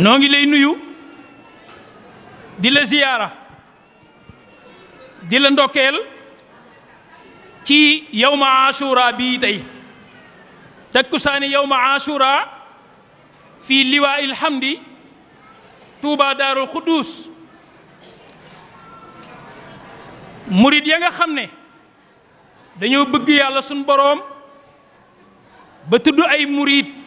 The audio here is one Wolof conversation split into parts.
noo ngi lay nuyu di la ziyaara di la ndokkeel ci yawma ashura bii tey takkusaani yawma ashura fii liwaay ilhamdi tuuba daarul xuddus murit ya nga xam ne dañoo bëgg yàlla sun boroom ba tudd ay murit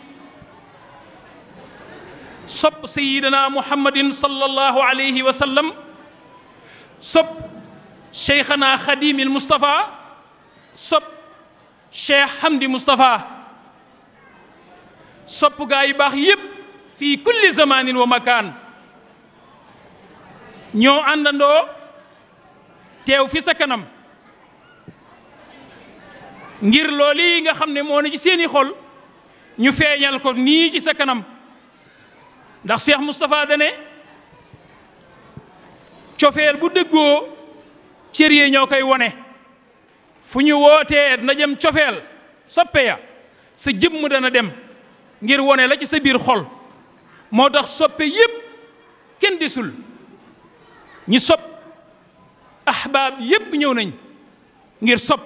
sopp sayidana muhammadin sallallahu alayhi wa sallam sopp cheikhana xadimil mustapha sopp cheikh hamdi mustapha sopp gaa yu baax yépp fii kulli zamanin wa makaan ñoo àndandoo teew fi sa kanam ngir loolu nga xam ne moo ne ci seeni xol ñu feeñal ko nii ci sa kanam ndax seex Moustapha dane cofeel bu dëggoo cër yi ñoo koy wone fu ñu wootee na jëm cofeel soppe ya sa jëmm dana dem ngir wone la ci sa biir xol moo tax soppe yépp kenn desul ñi sopp ahbaab yépp ñëw nañ ngir sopp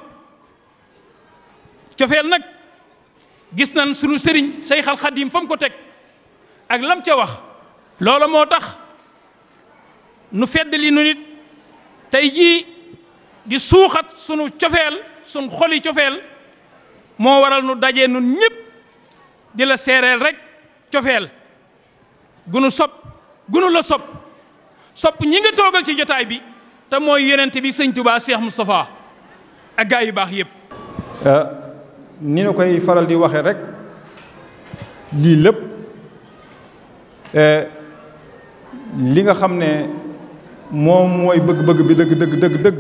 cofeel nag gis nan sunu sëriñ Seexal Xadiim fa mu ko teg ak lam ca wax loola moo tax nu fedd li nu nit tey jii di suuxat sunu cofeel sunu xoli cofeel moo waral nu daje nun ñëpp di la seereel rek cofeel gunu sopp gunu la sopp sopp ñi nga toogal ci jotaay bi te mooy yonent bi sëñ Tuubaa Seex Mustafaa ak gaa yu baax yépp ah, ni nu koy faral di waxe rek lii lépp Euh, li nga xam ne moom mooy bëgg-bëgg bi dëgg dëgg dëgg dëgg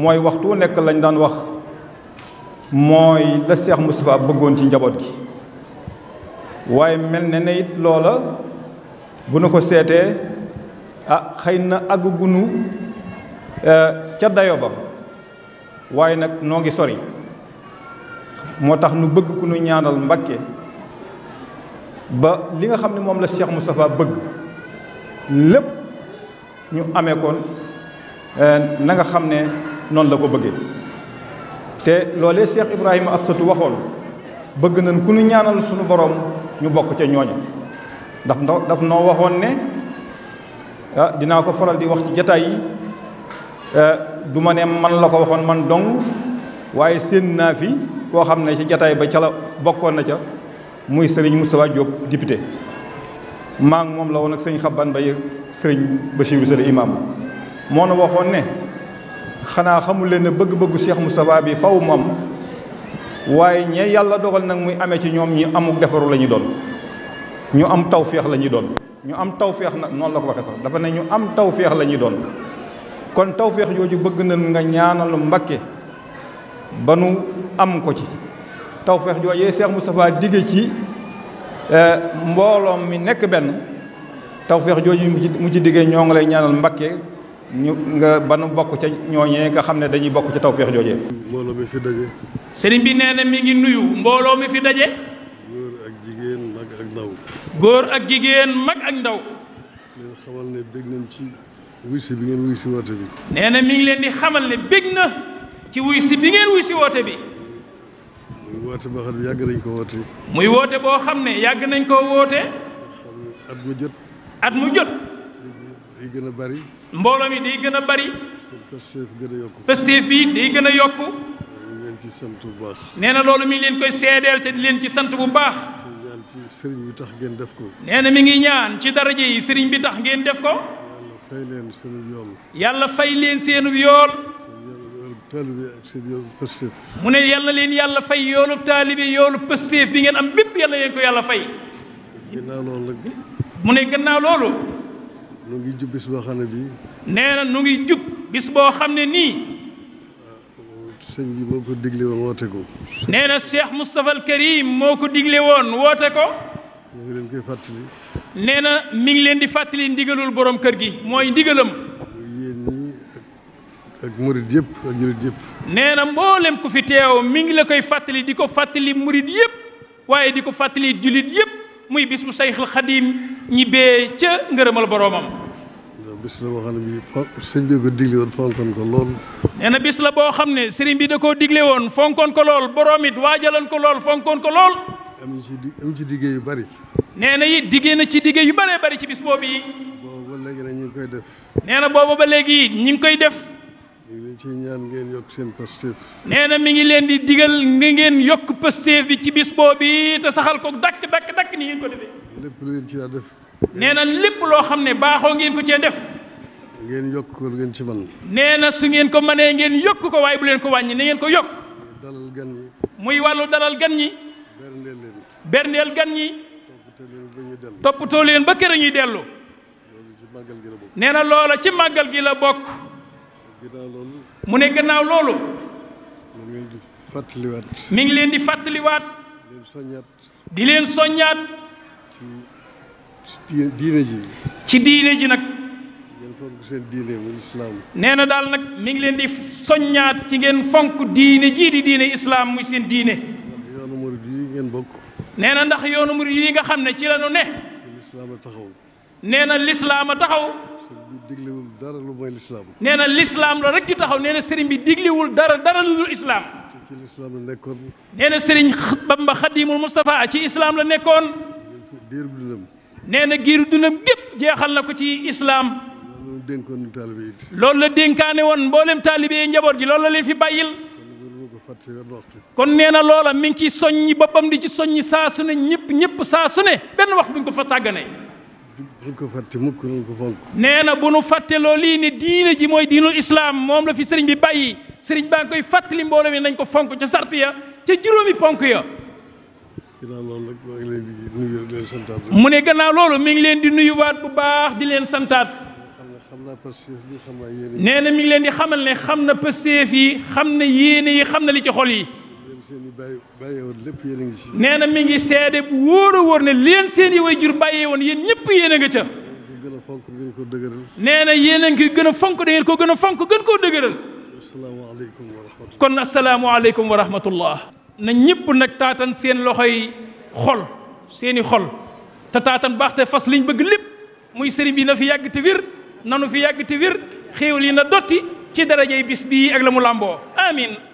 mooy waxtu nekk lañ daan wax mooy la Seex Mustafaa bëggoon ci njaboot gi waaye mel ne ne it loola bu nu ko seetee ah xëy na àggugunu euh, ca dayo ba waaye nag noo ngi sori moo tax nu bëgg ku nu ñaanal Mbàkke ba li nga xam ne moom la Cheikh Moustapha bëgg lépp ñu amee koon euh, na xam ne noonu la ko bëggee te loolee Cheikh Ibrahima ab satu waxoon bëgg nañ ku ñu ñaanal suñu boroom ñu bokk ca ñooña daf no daf noo waxoon ne ah, dinaa ko faral di wax ci jataay yi euh, du ma ne man la ko waxoon man dong waaye séen naa fi koo xam ne ci jataay ba ca la bokkoon na ca muy sëriñ Moustapha Diop député maa moom la woon ak sëriñ Xaban Bay sëriñ ba Bachir Sëriñ imam moo na waxoon ne xanaa xamul leen ne bëgg-bëggu Cheikh Moustapha bi faw moom waaye ñee yàlla dogal nag muy amee ci ñoom ñi amuk defaru la ñu doon ñu am tawféex la ñuy doon ñu am tawféex nag noonu la ko waxee sax dafa ne ñu am tawféex la ñuy doon kon tawféex jooju bëgg nañ nga ñaanal Mbakke ba nu am ko ci tawfeex joojee Cheikh Moustapha digge ci e, mbooloom mi nekk benn tawfeex jooju mu ci diggee ñoo ngi lay ñaanal Mbakke ñu nga ba nu bokk ca ñooñee nga xam ne dañuy bokk ci tawfeex jooje mbooloo mi fi daje. sëriñ bi nee na mi ngi nuyu mbooloo mi fi daje. góor ak jigéen mag ak ndaw. góor ak jigéen mag ak ndaw. leen xamal ne bég ci bi ngeen wuy si woote bi. nee na mi bég na ci wuy si bi ngeen wuy si woote bi. muy woote boo xam ne yàgg nañ ko woote. muy woote boo xam ne yàgg nañ koo woote. at mu jot. at mu jot. day gën a bari. mbooloo mi day gën a bari. pësteef gën a yokku. pësteef bi day gën a yokk ñu leen ci sant bu nee na loolu mi ngi leen koy seedeel te di leen ci sant bu baax. ñaan ci sëriñ bi tax ngeen def ko. nee na mi ngi ñaan ci daraje yi sëriñ bi tax ngeen def ko. yàlla fay leen seenu yool. yàlla fay leen seenu yool. taalibe ak seen mu ne yàlla leen yàlla fay yoonu taalibe yoonu pëstéef bi ngeen am bépp yàlla leen ko yàlla fay. mu ne gannaaw loolu. nu ngi jub bis boo xam ne bii. nee na nu ngi jub bis boo xam ne nii. sëñ bi moo ko digle woon woote ko. nee na Cheikh Moustapha al moo ko digle woon woote ko. mu ngi leen koy fàttali. nee na mi ngi leen di fàttali ndigalul borom kër gi mooy ndigalam. ak murid yëpp ak jullit yëpp. nee na mboolem ku fi teew mi ngi la koy fàttali di ko fàttali murid yëpp waaye di ko fàttali jullit yëpp muy bis bu Sayxul ñi ñibbee ca ngërëmal boroomam. bis la boo xam ne bii sëñ bi ko na bis la boo xam ne sëriñ bi da koo digle woon fonkoon ko lool boroom it waajaloon ko lool fonkoon ko lool. am ci di ci diggé yu bari. nee na it diggé na ci diggé yu bëree bari ci bis boobu yi. boobu ba léegi nag ñu ngi koy def. nee na ba léegi ñu ngi koy def. mi ci ñaan ngeen yokk seen pastéef. nee na mi ngi leen di digal ni ngeen yokk pastéef bi ci bis boobu te saxal ko dakk dakk dakk ni ngeen ko defee. lépp def. nee na lépp loo xam ne baaxoo ngeen ko cee def. ngeen yokk ko lu ngeen ci man nee na su ngeen ko mënee ngeen yokk ko waaye bu leen ko wàññi ni ngeen ko yokk. dalal gan ñi. muy wàllu dalal gan ñi. berndeel leen. berndeel gan ñi. toppatoo leen ba kër ñuy dellu. nee na loola ci màggal gi la bokk. ginnaaw mu ne gannaaw loolu. mu ngi leen di fàttaliwaat. mi ngi leen di fàttaliwaat. di leen soññaat. di diine ji. ci diine ji nag. ngeen fonk nee na daal nag mi ngi leen di soññaat ci ngeen fonk diine jii di diine islaam muy seen diine. ndax yoonu murid bokk. nee na ndax yoonu murid yi nga xam ne ci la ñu ne. nee nee na lislaam a taxaw. diglewul dara lu mooy lislaam. nee na lislaam la rek ci taxaw nee na sëriñ bi diglewul dara dara lu dul islaam. te ci lislaam la nekkoon. nee na sëriñ Bamba Xadimul Moustapha ci islaam la nekkoon. diiru dundam. nee na giiru dundam gépp jeexal na ko ci islaam. loolu la dénkoon loolu la dénkaane woon mboolem taalibe yi njaboot gi loolu la leen fi bàyyil. kon nee na loola mi ngi ci soññi boppam di ci soññi saa su ne ñëpp ñëpp saa su ne benn waxtu bu ñu ko fa sàgganee. buñ ko fàtte mukk nañ ko fonk. na bu nu fàtte loo lii ne diine ji mooy diinul islaam moom la fi sëriñ bi bàyyi sëriñ baa ngi fàttali mbooloo mi nañ ko fonk ca sart ya ca ponk ya. mu ne gannaaw loolu mi ngi leen di nuyuwaat bu baax di leen santaat. nee na mi ngi leen di xamal ne xam na pësteef yi xam na yéene yi xam na li ci xol yi. nee na mi ngi seede bu wóor a wóor ne leen seen yi way jur bàyyee woon yéen ñëpp yéen a nga ca. nee na yéen a ngi gën a fonk da ngeen ko gën a fonk gën koo dëgëral. kon asalaamualeykum wa rahmatullah. na ñëpp nag taatan seen loxoy xol seeni xol te taatan baax te fas liñ bëgg lépp muy sëriñ bi na fi yàgg te wér nu fi yàgg te wér xéewal yi na dotti ci darajey bis bii ak la mu làmboo amin